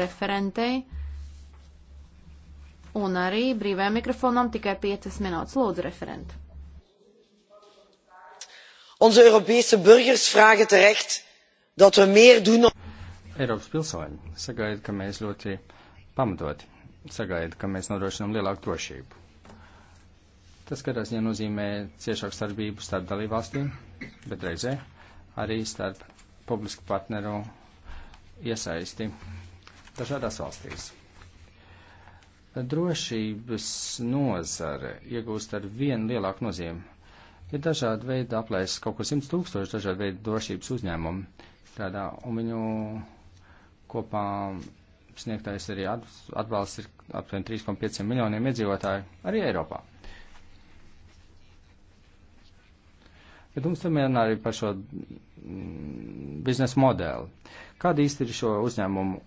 referentei. Un arī brīvajam mikrofonam tikai 5 minūtes. Lūdzu, referent. Onze Europese burgers vragen terecht dat we meer doen. Eiropas pilsoņi sagaida, ka mēs ļoti pamatoti sagaida, ka mēs nodrošinām lielāku drošību. Tas, kādā ziņā nozīmē ciešāku starpību starp dalībvalstīm, bet reizē arī starp publisku partneru iesaisti dažādās valstīs. Drošības nozare iegūst ar vien lielāku nozīmi. Ir dažādi veidi aplēs, kaut ko 100 tūkstoši dažādi veidi drošības uzņēmumu strādā, un viņu kopā sniegtais arī atbalsts ir aptuveni 3,5 miljoniem iedzīvotāju arī Eiropā. Bet mums tomēr arī par šo mm, biznesa modeli. Kāda īsti ir šo uzņēmumu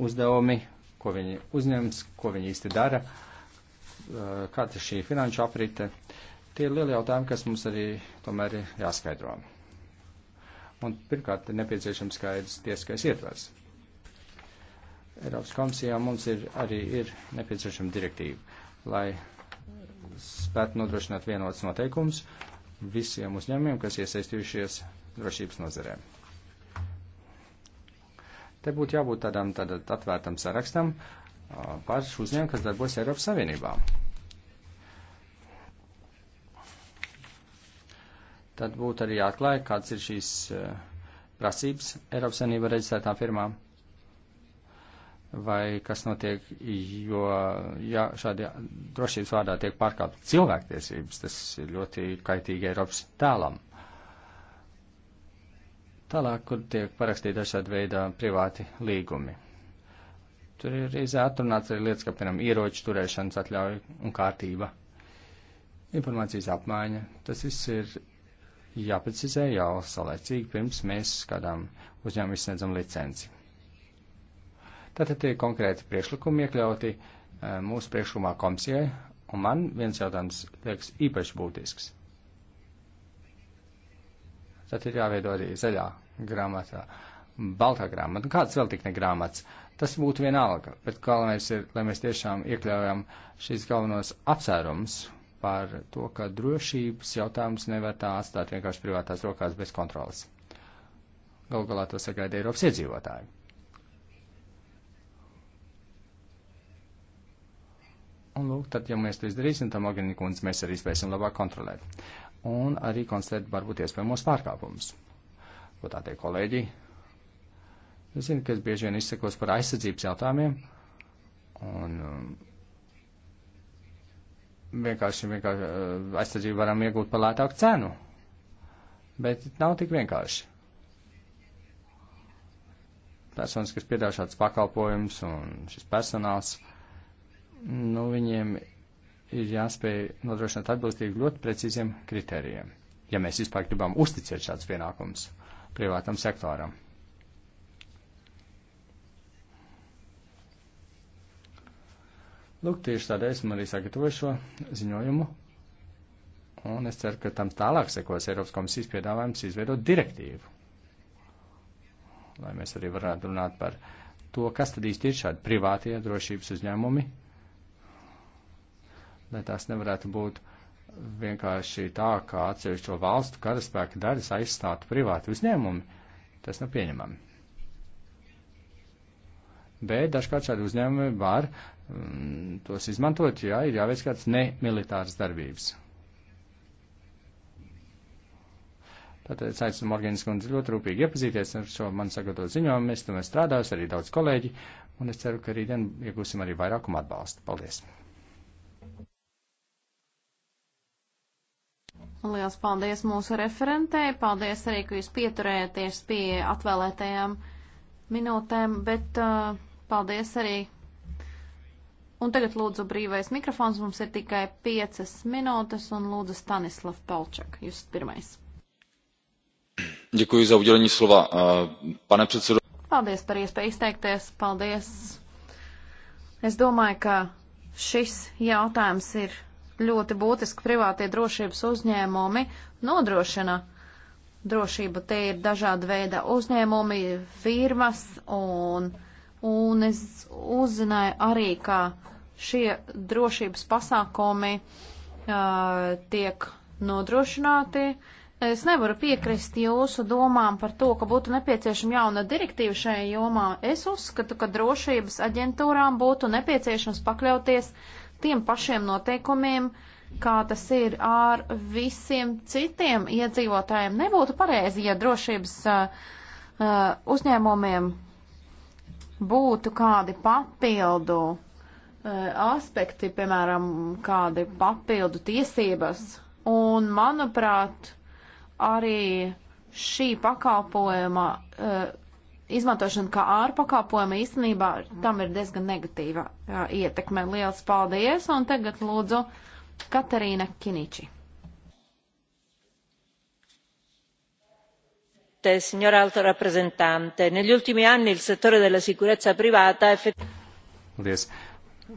uzdevumi, ko viņi uzņems, ko viņi īsti dara, kā ir šī finanšu aprite. Tie ir lieli jautājumi, kas mums arī tomēr ir jāskaidro. Un pirmkārt, ir nepieciešams skaidrs tieskais ietvers. Eiropas komisijā mums ir arī ir nepieciešama direktīva, lai spētu nodrošināt vienotas noteikumus visiem uzņēmumiem, kas iesaistījušies drošības nozarēm. Te būtu jābūt tādam tātad atvērtam sarakstam par uzņēmumiem, kas darbojas Eiropas Savienībā. Tad būtu arī jāatklāja, kāds ir šīs prasības Eiropas Savienība reģistrētām firmām vai kas notiek, jo ja šādi drošības vārdā tiek pārkāptas cilvēktiesības, tas ir ļoti kaitīgi Eiropas tēlam. Tālāk, kur tiek parakstīti dažādi veidā privāti līgumi. Tur ir reizē atrunāts arī lietas, kā, piemēram, ieroču turēšanas atļauja un kārtība. Informācijas apmaiņa. Tas viss ir jāprecizē jau saulēcīgi, pirms mēs kādām uzņēmumu izsniedzam licenci. Tātad tie konkrēti priekšlikumi iekļauti eh, mūsu priekšlikumā komisijai, un man viens jautājums liekas īpaši būtisks. Tad ir jāveido arī zaļā grāmata, baltā grāmata, un nu, kāds vēl tik ne grāmatas. Tas būtu vienalga, bet galvenais ir, lai mēs tiešām iekļaujam šīs galvenos apsērums par to, ka drošības jautājums nevar tā atstāt vienkārši privātās rokās bez kontrolas. Galu galā to sagaida Eiropas iedzīvotāji. Un lūk, tad, ja mēs to izdarīsim, tad Mogherini kundze mēs arī spēsim labāk kontrolēt. Un arī konstatēt varbūt iespējamos pārkāpumus. Ko tā teikt, kolēģi? Es zinu, ka es bieži vien izsakos par aizsardzības jautājumiem. Un, um, vienkārši, vienkārši uh, aizsardzību varam iegūt par lētāku cenu. Bet nav tik vienkārši. Personas, kas piedāvā šāds pakalpojums un šis personāls, uh, nu, viņiem ir jāspēj nodrošināt atbilstīgi ļoti precīziem kritērijiem, ja mēs vispār gribam uzticēt šāds pienākums privātam sektoram. Lūk, tieši tādēļ esmu arī sagatavojis šo ziņojumu, un es ceru, ka tam tālāk sekos Eiropas komisijas piedāvājums izveidot direktīvu, lai mēs arī varētu runāt par to, kas tad īsti ir šādi privātie drošības uzņēmumi, lai tās nevarētu būt vienkārši tā, kā atsevišķo valstu karaspēka daļas aizstātu privāti uzņēmumi. Tas nav pieņemami. Bet dažkārt šādi uzņēmumi var mm, tos izmantot, ja ir jāveic kāds nemilitārs darbības. Tātad es aicinu Morganas kundzi ļoti rūpīgi iepazīties ar šo man sagatavot ziņojumu. Es tam strādāju, arī daudz kolēģi, un es ceru, ka rītdien iegūsim arī vairākumu atbalstu. Paldies! Liels paldies mūsu referentei, paldies arī, ka jūs pieturējāties pie atvēlētajām minūtēm, bet uh, paldies arī. Un tagad lūdzu brīvais mikrofons, mums ir tikai piecas minūtes, un lūdzu Stanislav Palčak, jūs pirmais. Děkuji za udělení slova. Uh, pane předsedo. Paldies par iespēju izteikties. Paldies. Es domāju, ka šis jautājums ir ļoti būtiski privātie drošības uzņēmumi nodrošina drošību. Te ir dažāda veida uzņēmumi, firmas, un, un es uzzināju arī, ka šie drošības pasākumi uh, tiek nodrošināti. Es nevaru piekrist jūsu domām par to, ka būtu nepieciešama jauna direktīva šajā jomā. Es uzskatu, ka drošības aģentūrām būtu nepieciešams pakļauties uh, tiem pašiem noteikumiem, kā tas ir ar visiem citiem iedzīvotājiem. Nebūtu pareizi, ja drošības uh, uh, uzņēmumiem būtu kādi papildu uh, aspekti, piemēram, kādi papildu tiesības. Un, manuprāt, arī šī pakalpojuma uh, izmantošana kā ārpakāpojuma īstenībā tam ir diezgan negatīva uh, ietekme. Liels paldies! Un tagad lūdzu Katarīna Kiniči. Signora alto rappresentante, negli ultimi anni il settore della sicurezza privata effettivamente.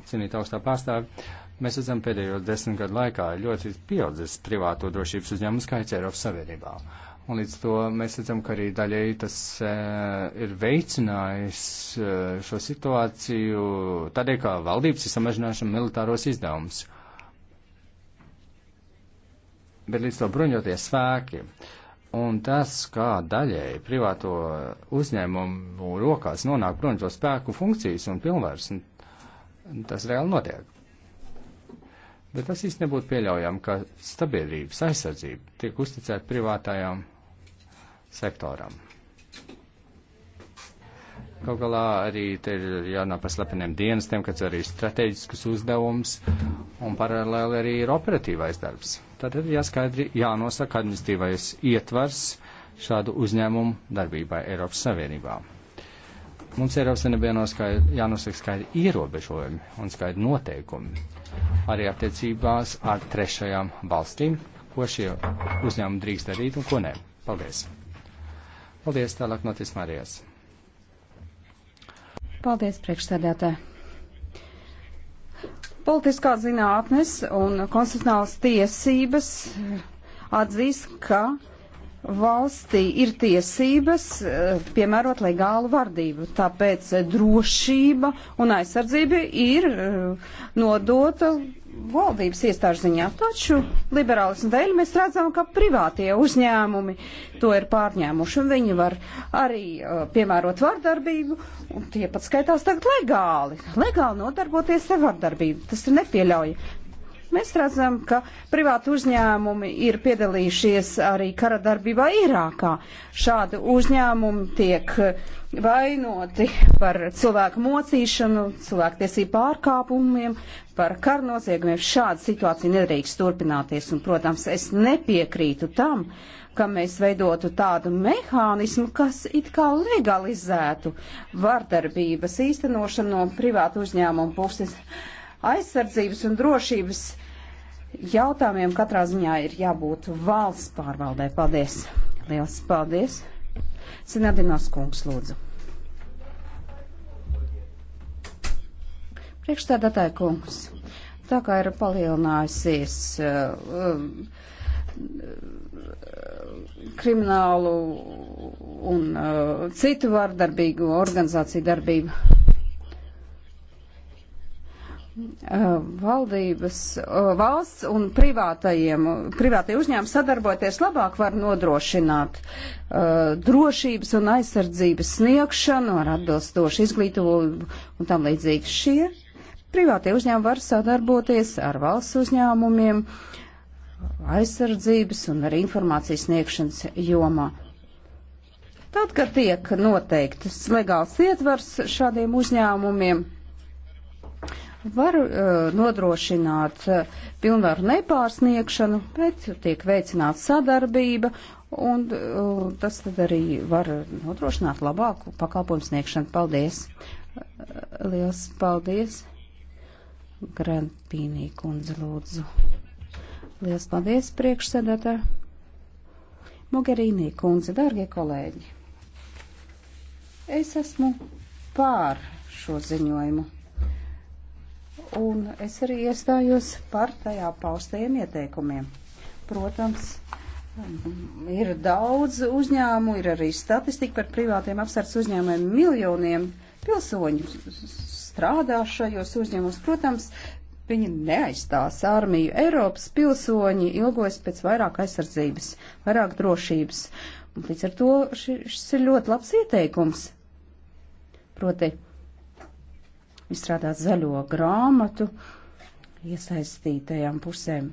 Cienīt augstā pārstāvi, mēs redzam pēdējo desmit gadu laikā ļoti pieaudzis privāto drošības uzņēmumu skaits Eiropas Savienībā. Un līdz to mēs redzam, ka arī daļēji tas e, ir veicinājis e, šo situāciju tādēļ, ka valdības ir samazinājušas militāros izdevumus. Bet līdz to bruņoties spēki. Un tas, kā daļēji privāto uzņēmumu rokās nonāk bruņoto spēku funkcijas un pilnvars, un tas reāli notiek. Bet tas īsti nebūtu pieļaujami, ka sabiedrības aizsardzība tiek uzticēta privātajām sektoram. Kaut galā arī te ir jānā par slepeniem dienestiem, kas arī strateģiskus uzdevums un paralēli arī ir operatīvais darbs. Tad ir jāskaidri jānosaka administratīvais ietvars šādu uzņēmumu darbībai Eiropas Savienībā. Mums Eiropas Savienībā jānosaka skaidri ierobežojumi un skaidri noteikumi arī attiecībās ar trešajām valstīm, ko šie uzņēmumi drīkst darīt un ko nē. Paldies! Paldies, tālāk Notis Marijas. Paldies, priekšsēdētāji. Politiskās zinātnes un konstitucionālas tiesības atzīst, ka valstī ir tiesības eh, piemērot legālu vardību, tāpēc drošība un aizsardzība ir eh, nodota valdības iestāžu ziņā, taču liberālismu dēļ mēs redzam, ka privātie uzņēmumi to ir pārņēmuši, un viņi var arī uh, piemērot vardarbību, un tie pat skaitās tagad legāli, legāli nodarboties ar vardarbību. Tas ir nepieļauj. Mēs redzam, ka privāti uzņēmumi ir piedalījušies arī kara darbībā Irākā. Šādi uzņēmumi tiek vainoti par cilvēku mocīšanu, cilvēktiesību pārkāpumiem, par karnoziegumiem. Šāda situācija nedrīkst turpināties, un, protams, es nepiekrītu tam, ka mēs veidotu tādu mehānismu, kas it kā legalizētu vardarbības īstenošanu no privātu uzņēmumu puses. Uh, aizsardzības un drošības jautājumiem katrā ziņā ir jābūt valsts pārvaldē. Paldies! Liels paldies! Sinadinos kungs, lūdzu! Priekšstādātāja kungs, tā kā ir palielinājusies uh, um, kriminālu un uh, citu vārdarbīgu organizāciju darbību Eh, valdības, eh, valsts un privātajiem, privātie uzņēmumi sadarbojoties labāk var nodrošināt uh, drošības un aizsardzības sniegšanu ar atbilstošu izglītību un tam līdzīgi šie. Privātie uzņēmumi var sadarboties ar valsts uzņēmumiem aizsardzības un arī informācijas sniegšanas jomā. Tad, kad tiek noteiktas legāls ietvars šādiem uzņēmumiem, var uh, nodrošināt uh, pilnvaru nepārsniegšanu, bet tiek veicināta sadarbība, un uh, tas tad arī var nodrošināt labāku pakalpojumu sniegšanu. Paldies! Uh, liels paldies! Grandpīnī kundze lūdzu. Liels paldies, priekšsēdētā! Mogherīnī kundze, dārgie kolēģi! Es esmu pār šo ziņojumu un es arī iestājos par tajā paustajiem ieteikumiem. Protams, ir daudz uzņēmumu, ir arī statistika par privātiem apsardz uzņēmumiem miljoniem pilsoņu strādā šajos uzņēmumos. Protams, viņi neaizstās armiju. Eiropas pilsoņi ilgojas pēc vairāk aizsardzības, vairāk drošības. Un līdz ar to šis ir ļoti labs ieteikums. Proti, izstrādāt zaļo grāmatu iesaistītajām pusēm.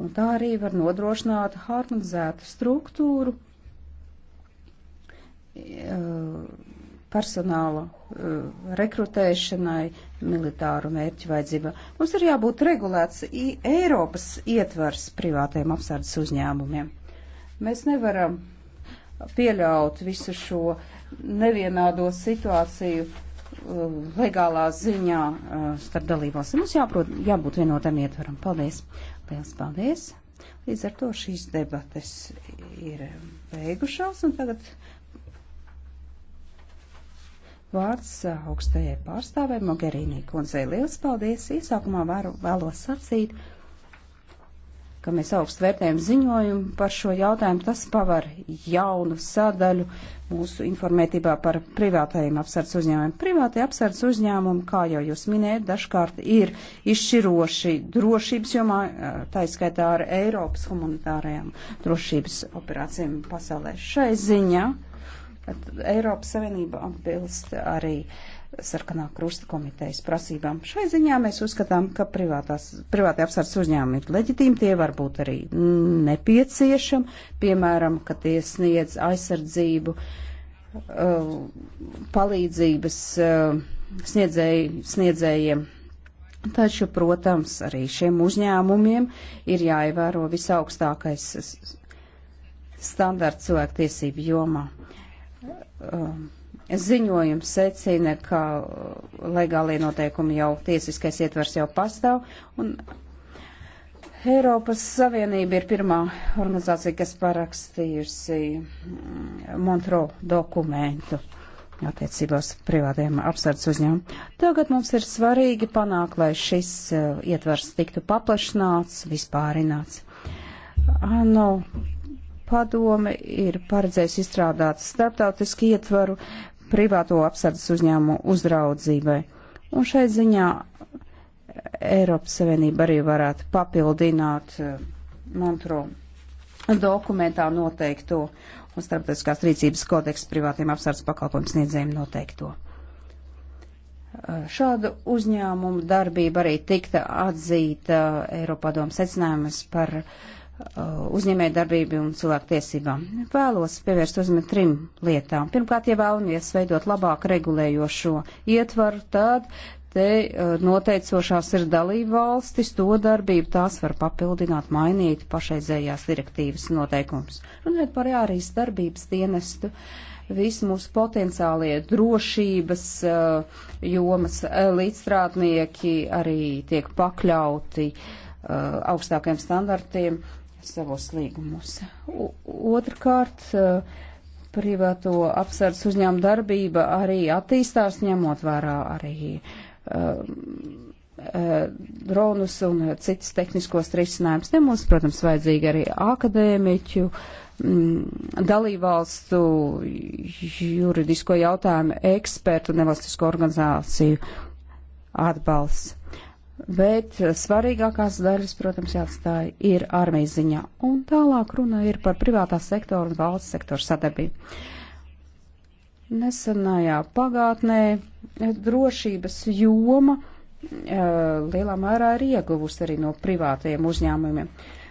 Un tā arī var nodrošināt harmonizētu struktūru e, personāla e, rekrutēšanai, militāru mērķu vajadzība. Mums ir jābūt regulēts Eiropas ietvars privātajiem apsardzes uzņēmumiem. Mēs nevaram pieļaut visu šo nevienādo situāciju Um, legālā ziņā uh, starp dalībvalstīm. Mums jāprot, jābūt vienotam ietveram. Paldies! Liels paldies! Līdz ar to šīs debates ir beigušās un tagad vārds uh, augstajai pārstāvē Mogherīnī kundzei. Liels paldies! Iesākumā varu, vēlos sacīt ka mēs augstu vērtējam ziņojumu par šo jautājumu. Tas pavar jaunu sadaļu mūsu informētībā par privātajiem apsardz uzņēmumiem. Privātie apsardz uzņēmumi, kā jau jūs minējat, dažkārt ir izšķiroši drošības jomā, taiskaitā ar Eiropas humanitārajām drošības operācijām pasaulē. Šai ziņā Eiropas Savienība atbilst arī uh, sarkanā krusta komitejas prasībām. Šai ziņā mēs uzskatām, ka privātās, privātie apsardzes uzņēmumi ir leģitīmi, tie var būt arī nepieciešami, piemēram, ka tie sniedz aizsardzību, uh, palīdzības uh, sniedzēji, sniedzējiem. Taču, protams, arī šiem uzņēmumiem ir jāievēro visaugstākais standarts cilvēktiesību jomā. Um, ziņojums secina, ka uh, legālie noteikumi jau, tiesiskais ietvers jau pastāv, un Eiropas Savienība ir pirmā organizācija, kas parakstījusi mm, Montro dokumentu attiecībās privātiem apsardzes uzņēmumiem. Tagad mums ir svarīgi panākt, lai šis uh, ietvers tiktu paplašināts, vispārināts. ANO padome ir paredzējusi izstrādāt starptautisku ietvaru privāto apsardzes uzņēmumu uzraudzībai. Un šai ziņā eh, Eiropas Savienība arī varētu papildināt eh, Montro dokumentā noteikto un starptautiskās rīcības kodeksu privātiem apsardzes pakalpojumu sniedzējiem noteikto. Eh, šāda uzņēmuma darbība arī tikta atzīta Eiropadomu secinājumus par uh, Uh, uzņēmēju darbību un cilvēku tiesībām. Vēlos pievērst uzmanību trim lietām. Pirmkārt, ja vēlamies veidot labāku regulējošo ietvaru, tad te uh, noteicošās ir dalība valstis, to darbību tās var papildināt, mainīt pašreizējās direktīvas noteikumus. Runājot par ārīs darbības dienestu, visi mūsu potenciālie drošības uh, jomas līdzstrādnieki arī tiek pakļauti augstākiem standartiem savos līgumus. Otrkārt, eh, privāto apsardzes uzņēmuma darbība arī attīstās, ņemot vērā arī um, eh, dronus eh, un citas tehniskos risinājumus. Te mums, protams, vajadzīgi arī akadēmiķu, mm, dalībvalstu, juridisko jautājumu ekspertu, nevalstisko organizāciju atbalsts bet svarīgākās daļas, protams, jāatstāja ir armijas ziņā. Un tālāk runa ir par privātā sektora un valsts sektora sadarbību. Nesenajā pagātnē drošības joma eh, lielā mērā ir ieguvusi arī no privātajiem uzņēmumiem.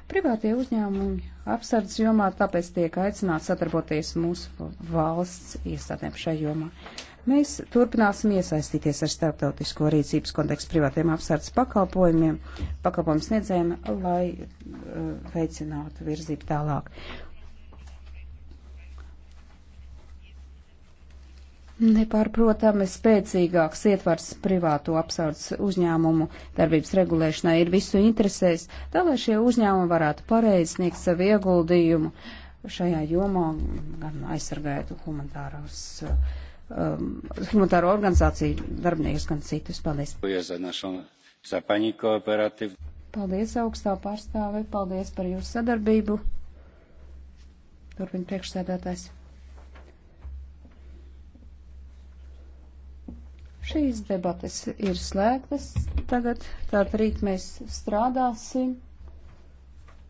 Privātie uzņēmumi apsardzes jomā, tāpēc tiek aicināts sadarboties mūsu valsts iestādēm šajā jomā. Mēs turpināsim iesaistīties ar starptautisko rīcības kontekstu privātiem apsardzes pakalpojumiem, pakalpojumu sniedzējiem, lai uh, veicinātu virzību tālāk. Nepārprotami spēcīgāks ietvars privāto apsaudas uzņēmumu darbības regulēšanai ir visu interesēs, tā lai šie uzņēmumi varētu pareizi sniegt savu ieguldījumu šajā jomā, gan aizsargētu humanitāros, um, humanitāro organizāciju darbiniekus, gan citus. Paldies! Paldies, augstā pārstāve, paldies par jūsu sadarbību. Turpin priekšsēdētājs. Šīs debates ir slēgtas tagad, tātad rīt mēs strādāsim.